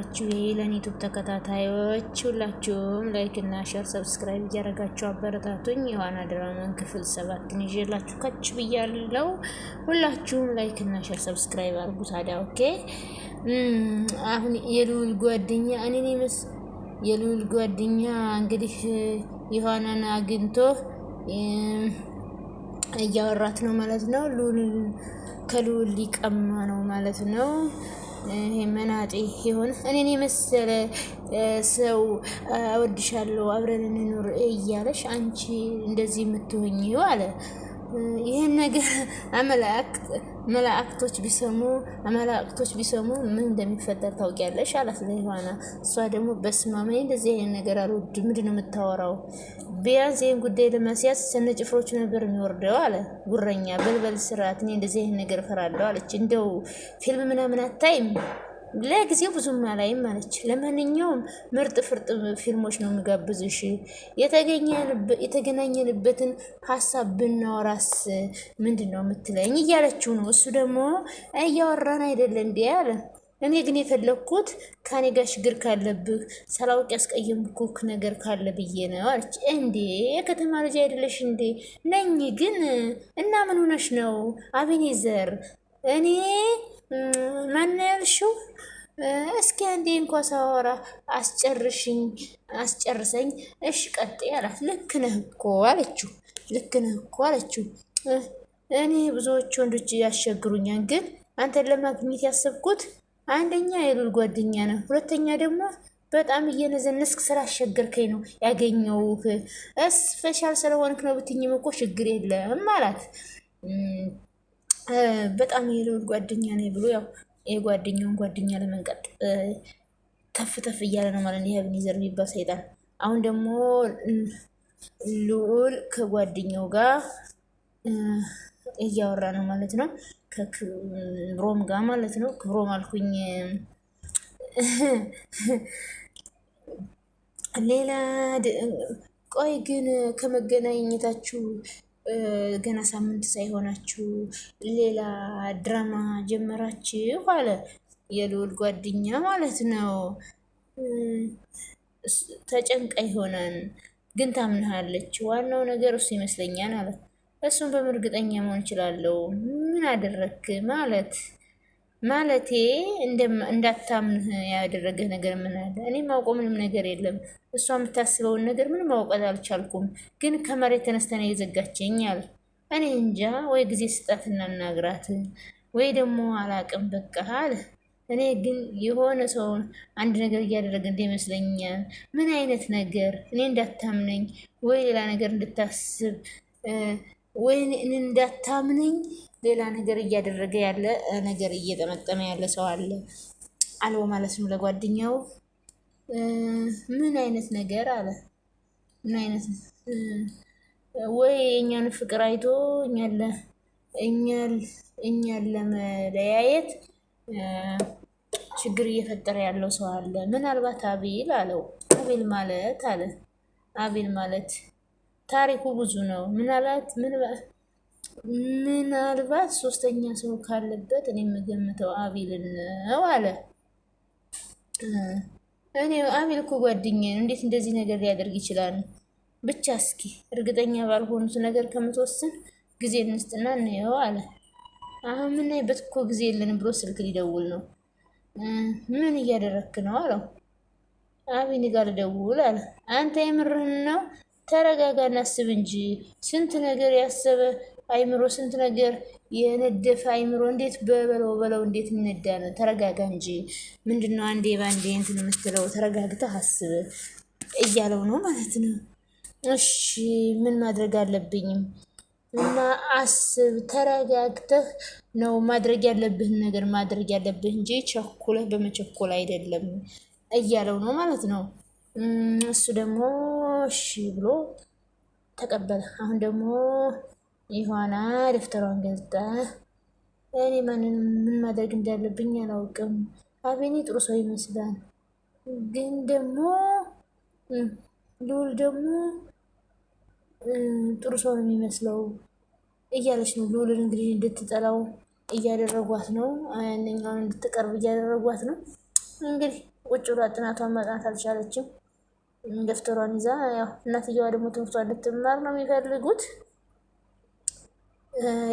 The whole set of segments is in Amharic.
የተከበራችሁ የኢለን ዩቱብ ተከታታዮች ሁላችሁም ላይክ እና ሸር ሰብስክራይብ እያደረጋችሁ አበረታቱኝ። የዋና ድራማን ክፍል ሰባትን ይዤላችሁ ከች ብያለው። ሁላችሁም ላይክ እና ሸር ሰብስክራይብ አድርጉ። ታዲያ ኦኬ። አሁን የልዑል ጓደኛ እኔን ምስ የልዑል ጓደኛ እንግዲህ የዋናን አግኝቶ እያወራት ነው ማለት ነው። ልዑል ከልዑል ሊቀማ ነው ማለት ነው። ይሄ መናጤ ይሆን እኔን የመሰለ ሰው አወድሻለሁ፣ አብረን እንኑር እያለሽ አንቺ እንደዚህ የምትሆኝ አለ ይህን ነገር አመላክ መላእክቶች ቢሰሙ መላእክቶች ቢሰሙ ምን እንደሚፈጠር ታውቂያለሽ? አላት ለዮሐና። እሷ ደግሞ በስማማ እንደዚህ አይነት ነገር አልወድም። ምንድን ነው የምታወራው? ቢያንስ ይህን ጉዳይ ለማስያዝ ስነ ጭፍሮች ነበር የሚወርደው አለ ጉረኛ። በልበል ስርዓት፣ እኔ እንደዚህ አይነት ነገር እፈራለሁ አለች። እንደው ፊልም ምናምን አታይም ለጊዜው ብዙም አላይም አለች። ለማንኛውም ምርጥ ፍርጥ ፊልሞች ነው የምጋብዝሽ። የተገናኘንበትን ሀሳብ ብናወራስ ምንድን ነው የምትለኝ? እያለችው ነው። እሱ ደግሞ እያወራን አይደለ እንዲ አለ። እኔ ግን የፈለግኩት ከኔ ጋር ችግር ካለብህ ሳላውቅ ያስቀየምኩህ ነገር ካለ ብዬ ነው አለች። እንዴ የከተማ ልጅ አይደለሽ እንዴ? ነኝ ግን እና ምን ሆነሽ ነው አቤኔዘር እኔ ማናያልሽው እስኪ አንዴ እንኳ ሳወራ አስጨርሽኝ አስጨርሰኝ፣ እሽ ቀጥ አላት። ልክ ነህ እኮ አለችው። ልክ ነህ እኮ አለችው። እኔ ብዙዎች ወንዶች ያስቸግሩኛል፣ ግን አንተን ለማግኘት ያሰብኩት አንደኛ የሉል ጓደኛ ነው፣ ሁለተኛ ደግሞ በጣም እየነዘነስክ ስላስቸገርከኝ ነው ያገኘሁህ። እስፔሻል ስለሆንክ ነው ብትኝም እኮ ችግር የለም አላት። በጣም የልውል ጓደኛ ነኝ ብሎ ያው የጓደኛውን ጓደኛ ለመንቀጥ ተፍ ተፍ እያለ ነው ማለት ነው። የአብኒዘር የሚባል ሰይጣን። አሁን ደግሞ ልዑል ከጓደኛው ጋር እያወራ ነው ማለት ነው። ከክብሮም ጋር ማለት ነው። ክብሮም አልኩኝ። ሌላ ቆይ ግን ከመገናኘታችሁ ገና ሳምንት ሳይሆናችሁ ሌላ ድራማ ጀመራችሁ አለ የልውል ጓደኛ ማለት ነው። ተጨንቃ ይሆናል ግን ታምናሃለች። ዋናው ነገር እሱ ይመስለኛል አለ። እሱም በምርግጠኛ መሆን እችላለሁ ምን አደረክ ማለት ማለቴ እንዳታምንህ ያደረገ ነገር ምን አለ? እኔ ማውቀው ምንም ነገር የለም። እሷ የምታስበውን ነገር ምን ማውቀት አልቻልኩም፣ ግን ከመሬት ተነስተን የዘጋችኝ አለ። እኔ እንጃ፣ ወይ ጊዜ ስጣት እናናግራት፣ ወይ ደግሞ አላቅም በቃ አለ። እኔ ግን የሆነ ሰውን አንድ ነገር እያደረገ እንደይመስለኛል። ምን አይነት ነገር? እኔ እንዳታምነኝ ወይ ሌላ ነገር እንድታስብ ወይ እንዳታምነኝ ሌላ ነገር እያደረገ ያለ ነገር እየጠመጠመ ያለ ሰው አለ አለው ማለት ነው። ለጓደኛው ምን አይነት ነገር አለ ምን አይነት ወይ የእኛን ፍቅር አይቶ እኛን ለመለያየት ችግር እየፈጠረ ያለው ሰው አለ። ምናልባት አቤል አለው አቤል ማለት አለ አቤል ማለት ታሪኩ ብዙ ነው ምናልባት ምናልባት ሶስተኛ ሰው ካለበት እኔ የምገምተው አቢል ነው አለ። እኔ አቤል እኮ ጓደኛ ነው፣ እንዴት እንደዚህ ነገር ሊያደርግ ይችላል? ብቻ እስኪ እርግጠኛ ባልሆኑት ነገር ከምትወስን ጊዜ እንስጥና እንየው አለ። አሁን የምናይበት እኮ ጊዜ የለን ብሎ ስልክ ሊደውል ነው። ምን እያደረክ ነው አለው። አቤል ጋር ልደውል አለ። አንተ የምርህን ነው? ተረጋጋና አስብ እንጂ ስንት ነገር ያሰበ አይምሮ ስንት ነገር የነደፈ አይምሮ እንዴት በበለው በለው እንዴት ይነዳል? ተረጋጋ እንጂ ምንድነው አንዴ ባንዴ እንትን የምትለው ተረጋግተህ አስብ እያለው ነው ማለት ነው። እሺ ምን ማድረግ አለብኝም እና አስብ፣ ተረጋግተህ ነው ማድረግ ያለብህን ነገር ማድረግ ያለብህ እንጂ ቸኩለህ በመቸኮል አይደለም እያለው ነው ማለት ነው። እሱ ደግሞ እሺ ብሎ ተቀበለ። አሁን ደግሞ ይሆና ደፍተሯን ገልጣ እኔ ማንን ምን ማድረግ እንዳለብኝ አላውቅም። አቤኔ ጥሩ ሰው ይመስላል፣ ግን ደግሞ ልውል ደግሞ ጥሩ ሰው ነው የሚመስለው እያለች ነው ልውልን እንግዲህ እንድትጠላው እያደረጓት ነው። ያንኛውን እንድትቀርብ እያደረጓት ነው። እንግዲህ ቁጭ ብላ ጥናቷን ማጥናት አልቻለችም። ደፍተሯን ይዛ ያው እናትየዋ ደግሞ ትምህርቷን እንድትማር ነው የሚፈልጉት።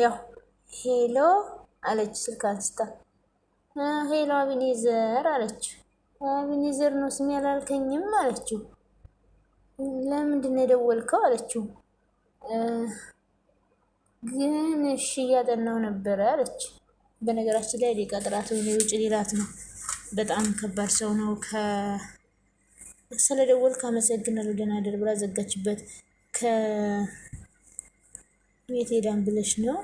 ያው ሄሎ አለች ስልክ አንስታ። ሄሎ አቢኔዘር አለችው። አቢኔዘር ነው ስሜ አላልከኝም አለችው። ለምንድን ነው የደወልከው አለችው። ግን እሺ እያጠናው ነበረ አለች። በነገራችን ላይ ሊቃ ጥራት ወይ የውጭ ሌላት ነው። በጣም ከባድ ሰው ነው። ስለደወልክ አመሰግናለሁ ደህና ደር ብላ ዘጋችበት። የት ሄዳን ብለሽ ነው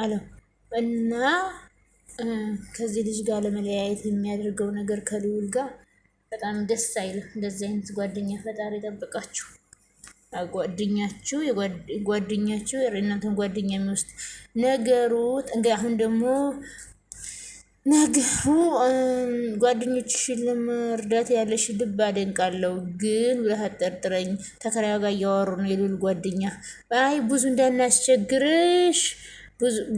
አለው እና ከዚህ ልጅ ጋር ለመለያየት የሚያደርገው ነገር ከልውል ጋር በጣም ደስ አይልም። እንደዚህ አይነት ጓደኛ ፈጣሪ ጠብቃችሁ ጓደኛችሁ ጓደኛችሁ እናንተን ጓደኛ የሚወስድ ነገሩ አሁን ደግሞ ነግሁ ጓደኞችሽን ለመርዳት ያለሽ ልብ አደንቃለሁ፣ ግን ብለህ አጠርጥረኝ። ተከራዩ ጋር እያወሩ ነው። የሉል ጓደኛ አይ ብዙ እንዳናስቸግርሽ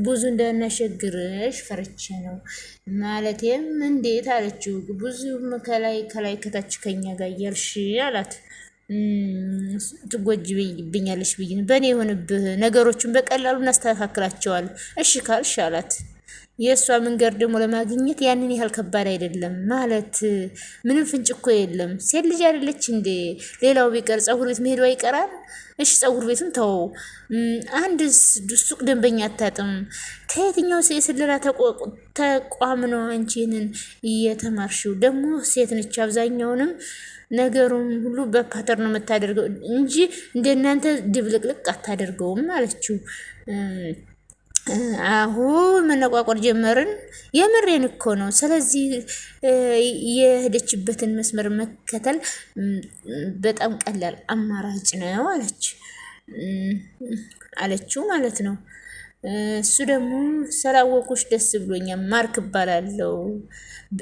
ብዙ እንዳናስቸግርሽ ፈርቼ ነው። ማለቴም እንዴት አለችው። ብዙ ከላይ ከላይ ከታች ከኛ ጋር እያልሽ አላት። ብኛለሽ ብይን በእኔ የሆንብህ ነገሮችን በቀላሉ እናስተካክላቸዋል። እሺ ካልሽ አላት። የእሷ መንገድ ደግሞ ለማግኘት ያንን ያህል ከባድ አይደለም። ማለት ምንም ፍንጭ እኮ የለም። ሴት ልጅ አይደለች እንዴ? ሌላው ቢቀር ጸጉር ቤት መሄዷ ይቀራል። እሺ ጸጉር ቤቱን ተው። አንድ ሱቅ ደንበኛ አታጥም። ከየትኛው የስለላ ተቋም ነው አንቺንን እየተማርሽው? ደግሞ ሴት ነች። አብዛኛውንም ነገሩም ሁሉ በፓተር ነው የምታደርገው እንጂ እንደናንተ ድብልቅልቅ አታደርገውም አለችው። አሁ መነቋቆር ጀመርን። የምሬን እኮ ነው። ስለዚህ የሄደችበትን መስመር መከተል በጣም ቀላል አማራጭ ነው አለች አለችው ማለት ነው። እሱ ደግሞ ስላወቁሽ ደስ ብሎኛል፣ ማርክ እባላለሁ።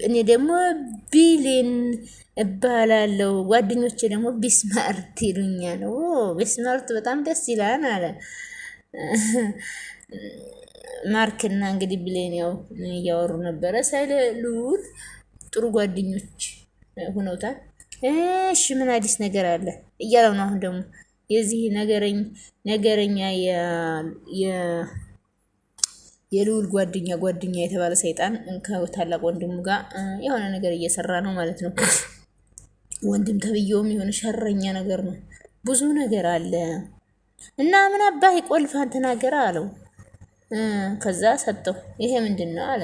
እኔ ደግሞ ቢሊን እባላለሁ። ጓደኞቼ ደግሞ ቢስማርት ይሉኛል። ቢስማርት በጣም ደስ ይላል አለ ማርክና እንግዲህ ብሌን ያው እያወሩ ነበረ። ሳይለ ልዑል ጥሩ ጓደኞች ሁነውታል። እሺ ምን አዲስ ነገር አለ እያለው ነው። አሁን ደግሞ የዚህ ነገረኛ የልዑል ጓደኛ ጓደኛ የተባለ ሰይጣን ከታላቅ ወንድሙ ጋር የሆነ ነገር እየሰራ ነው ማለት ነው። ወንድም ተብዬውም የሆነ ሸረኛ ነገር ነው። ብዙ ነገር አለ እና ምን አባህ ቆልፋን ተናገረ አለው። ከዛ ሰጠው። ይሄ ምንድን ነው አለ።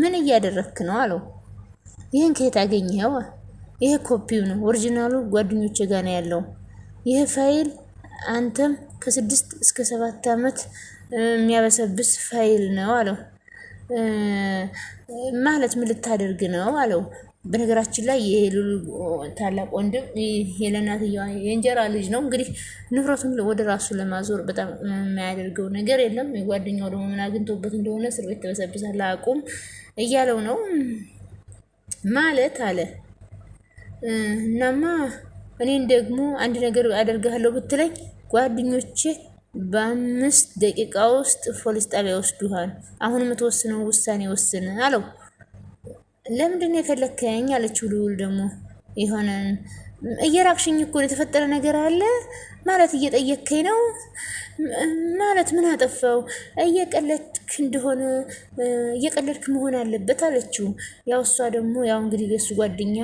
ምን እያደረግክ ነው አለው። ይህን ከየት አገኘኸው? ይሄ ኮፒው ነው፣ ኦሪጂናሉ ጓደኞቼ ጋና ነው ያለው። ይህ ፋይል አንተም ከስድስት እስከ ሰባት ዓመት የሚያበሰብስ ፋይል ነው አለው። ማለት ምን ልታደርግ ነው አለው። በነገራችን ላይ የሄሉል ታላቅ ወንድም የለናትየዋ የእንጀራ ልጅ ነው። እንግዲህ ንፍረቱን ወደ ራሱ ለማዞር በጣም የማያደርገው ነገር የለም። ጓደኛው ደግሞ ምን አግኝቶበት እንደሆነ እስር ቤት ተበሰብሳል አቁም እያለው ነው ማለት አለ። እናማ እኔን ደግሞ አንድ ነገር አደርግሃለሁ ብትለኝ ጓደኞቼ በአምስት ደቂቃ ውስጥ ፖሊስ ጣቢያ ይወስዱሃል። አሁን የምትወስነው ውሳኔ ወስን አለው። ለምንድን ነው የፈለከኝ? አለችው ልውል ደግሞ የሆነን እየራቅሽኝ እኮ የተፈጠረ ነገር አለ ማለት እየጠየከኝ ነው ማለት ምን አጠፋው? እየቀለድክ እንደሆነ እየቀለድክ መሆን አለበት አለችው። ያው እሷ ደግሞ ያው እንግዲህ የእሱ ጓደኛ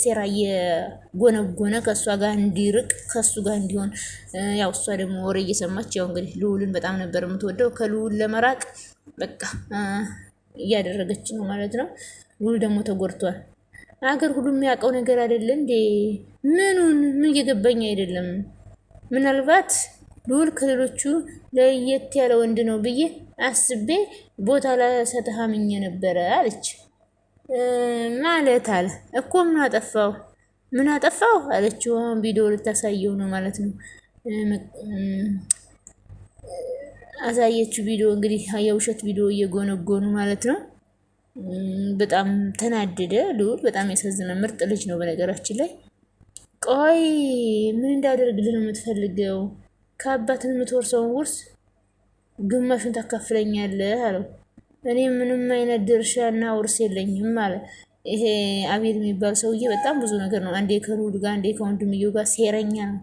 ሴራ እየጎነጎነ ከእሷ ጋር እንዲርቅ ከእሱ ጋር እንዲሆን፣ ያው እሷ ደግሞ ወሬ እየሰማች ያው እንግዲህ ልውልን በጣም ነበር የምትወደው። ከልውል ለመራቅ በቃ እያደረገች ነው ማለት ነው። ሉል ደግሞ ተጎድቷል። አገር ሁሉ የሚያውቀው ነገር አይደለ እንዴ? ምኑን ምን እየገባኝ አይደለም። ምናልባት ሉል ከሌሎቹ ለየት ያለ ወንድ ነው ብዬ አስቤ ቦታ ላሰጥህ አምኜ ነበረ አለች። ማለት አለ እኮ ምን አጠፋው ምን አጠፋው አለችው። አሁን ቪዲዮ ልታሳየው ነው ማለት ነው። አሳየችው ቪዲዮ እንግዲህ የውሸት ቪዲዮ እየጎነጎኑ ማለት ነው። በጣም ተናደደ። ልዑል በጣም ያሳዝነ ምርጥ ልጅ ነው። በነገራችን ላይ ቆይ ምን እንዳደርግልህ ነው የምትፈልገው? ከአባትን የምትወርሰውን ውርስ ግማሹን ታካፍለኛለህ አለው። እኔ ምንም አይነት ድርሻና ውርስ የለኝም አለ። ይሄ አቤል የሚባል ሰውዬ በጣም ብዙ ነገር ነው። አንዴ ከልዑል ጋር፣ አንዴ ከወንድምየው ጋር ሴረኛ ነው።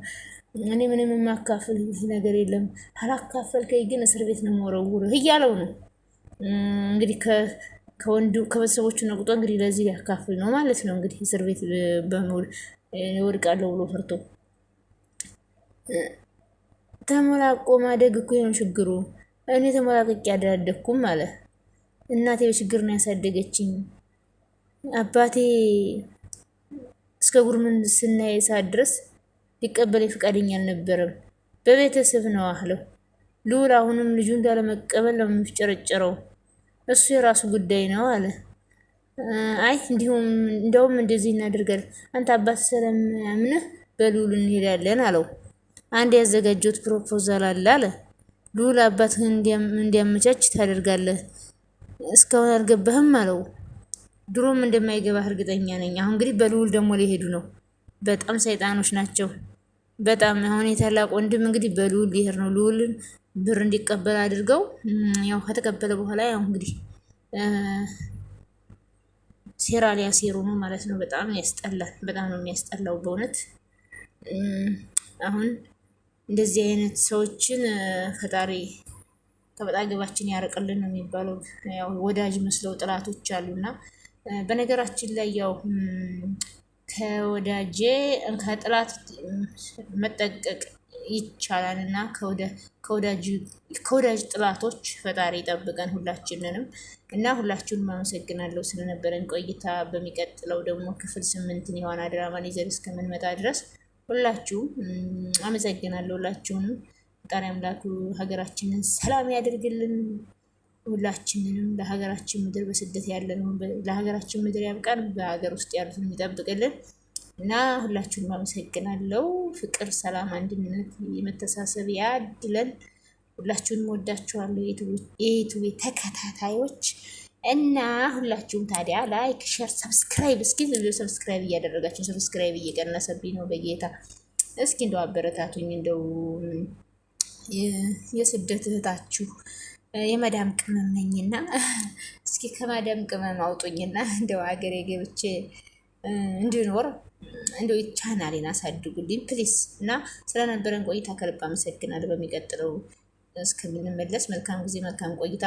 እኔ ምንም የማካፍል ነገር የለም፣ አላካፈልከኝ ግን እስር ቤት ነው የምወረውርህ እያለው ነው እንግዲህ ከወንዱ ከቤተሰቦቹ ነቁጦ እንግዲህ ለዚህ ሊያካፍል ነው ማለት ነው። እንግዲህ እስር ቤት በመውል ወድቃለሁ ብሎ ፈርቶ ተሞላቆ ማደግ እኮ ነው ችግሩ። እኔ ተሞላቅቄ ያዳደግኩም አለ። እናቴ በችግር ነው ያሳደገችኝ። አባቴ እስከ ጉርምን ስናይ ሰዓት ድረስ ሊቀበለኝ ፈቃደኛ አልነበረም። በቤተሰብ ነው አለው ልውል አሁንም ልጁ እንዳለመቀበል ነው የሚፍጨረጨረው። እሱ የራሱ ጉዳይ ነው አለ። አይ እንዲሁም እንደውም እንደዚህ እናደርጋለን፣ አንተ አባት ስለምያምንህ በልዑል እንሄዳለን አለው። አንድ ያዘጋጀሁት ፕሮፖዛል አለ አለ። ልዑል አባትህን እንዲያመቻች ታደርጋለህ። እስካሁን አልገባህም አለው። ድሮም እንደማይገባህ እርግጠኛ ነኝ። አሁን እንግዲህ በልዑል ደግሞ ሊሄዱ ነው። በጣም ሰይጣኖች ናቸው። በጣም አሁን የታላቅ ወንድም እንግዲህ በልዑል ሊሄድ ነው። ልዑልን ብር እንዲቀበል አድርገው ያው ከተቀበለ በኋላ ያው እንግዲህ ሴራ ሊያሴሩ ነው ማለት ነው። በጣም ያስጠላል። በጣም ነው የሚያስጠላው በእውነት አሁን እንደዚህ አይነት ሰዎችን ፈጣሪ ከበጣ ገባችን ያርቅልን ነው የሚባለው። ያው ወዳጅ መስለው ጥላቶች አሉና በነገራችን ላይ ያው ከወዳጄ ከጥላት መጠቀቅ ይቻላል እና ከወዳጅ ጥላቶች ፈጣሪ ይጠብቀን ሁላችንንም። እና ሁላችሁንም አመሰግናለሁ ስለነበረን ቆይታ። በሚቀጥለው ደግሞ ክፍል ስምንትን የሆነ ድራማን ይዘን እስከምንመጣ ድረስ ሁላችሁም አመሰግናለሁ። ሁላችሁንም ፈጣሪ አምላኩ ሀገራችንን ሰላም ያደርግልን። ሁላችንንም ለሀገራችን ምድር በስደት ያለነው ለሀገራችን ምድር ያብቃን። በሀገር ውስጥ ያሉትን ይጠብቅልን። እና ሁላችሁም አመሰግናለሁ። ፍቅር፣ ሰላም፣ አንድነት፣ የመተሳሰብ ያድለን። ሁላችሁንም ወዳችኋለሁ የዩቱቤ ተከታታዮች እና ሁላችሁም ታዲያ ላይክ፣ ሸር፣ ሰብስክራይብ እስኪ ሰብስክራይብ እያደረጋችሁ ሰብስክራይብ እየቀነሰብኝ ነው በጌታ እስኪ እንደው አበረታቱኝ። እንደው የስደት እህታችሁ የመዳም ቅመም ነኝና እስኪ ከመዳም ቅመም አውጡኝና እንደው ሀገሬ ገብቼ እንድኖር እንደው ቻናሌን አሳድጉልኝ ፕሊስ። እና ስለነበረን ቆይታ ከልብ አመሰግናለሁ። በሚቀጥለው እስከምንመለስ መልካም ጊዜ፣ መልካም ቆይታ